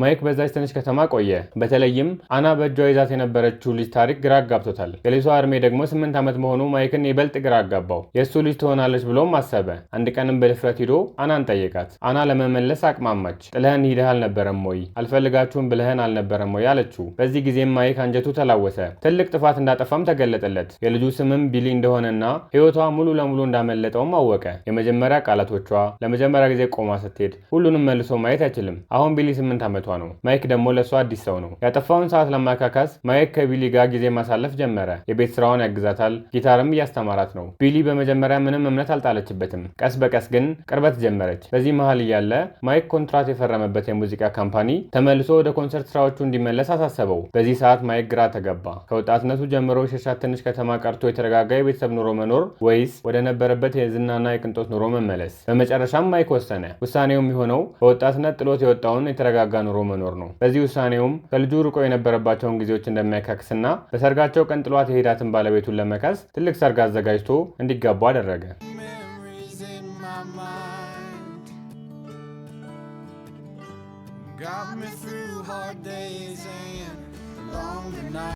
ማይክ በዛች ትንሽ ከተማ ቆየ። በተለይም አና በእጇ ይዛት የነበረችው ልጅ ታሪክ ግራ አጋብቶታል። የልጅቷ እድሜ ደግሞ ስምንት ዓመት መሆኑ ማይክን ይበልጥ ግራ አጋባው። የእሱ ልጅ ትሆናለች ብሎም አሰበ። አንድ ቀንም በድፍረት ሂዶ አናን ጠየቃት። አና ለመመለስ አቅማማች። ጥለህን ሂደህ አልነበረም ወይ? አልፈልጋችሁም ብለህን አልነበረም ወይ? አለችው። በዚህ ጊዜም ማይክ አንጀቱ ተላወሰ። ትልቅ ጥፋት እንዳጠፋም ተገለጠለት። የልጁ ስምም ቢሊ እንደሆነና ሕይወቷ ሙሉ ለሙሉ እንዳመለጠውም አወቀ። የመጀመሪያ ቃላቶቿ፣ ለመጀመሪያ ጊዜ ቆማ ስትሄድ፣ ሁሉንም መልሶ ማየት አይችልም። አሁን ቢሊ ስምንት ዓመት ማለቷ ነው። ማይክ ደግሞ ለእሷ አዲስ ሰው ነው። ያጠፋውን ሰዓት ለማካካስ ማይክ ከቢሊ ጋር ጊዜ ማሳለፍ ጀመረ። የቤት ስራዋን ያግዛታል፣ ጊታርም እያስተማራት ነው። ቢሊ በመጀመሪያ ምንም እምነት አልጣለችበትም። ቀስ በቀስ ግን ቅርበት ጀመረች። በዚህ መሀል እያለ ማይክ ኮንትራት የፈረመበት የሙዚቃ ካምፓኒ ተመልሶ ወደ ኮንሰርት ስራዎቹ እንዲመለስ አሳሰበው። በዚህ ሰዓት ማይክ ግራ ተገባ። ከወጣትነቱ ጀምሮ የሸሻት ትንሽ ከተማ ቀርቶ የተረጋጋ የቤተሰብ ኑሮ መኖር ወይስ ወደ ነበረበት የዝናና የቅንጦት ኑሮ መመለስ? በመጨረሻም ማይክ ወሰነ። ውሳኔው የሚሆነው በወጣትነት ጥሎት የወጣውን የተረጋጋ ኑሮ ኑሮ መኖር ነው። በዚህ ውሳኔውም ከልጁ ርቆ የነበረባቸውን ጊዜዎች እንደሚያካክስና በሰርጋቸው ቀን ጥሏት የሄዳትን ባለቤቱን ለመካስ ትልቅ ሰርግ አዘጋጅቶ እንዲጋቡ አደረገ።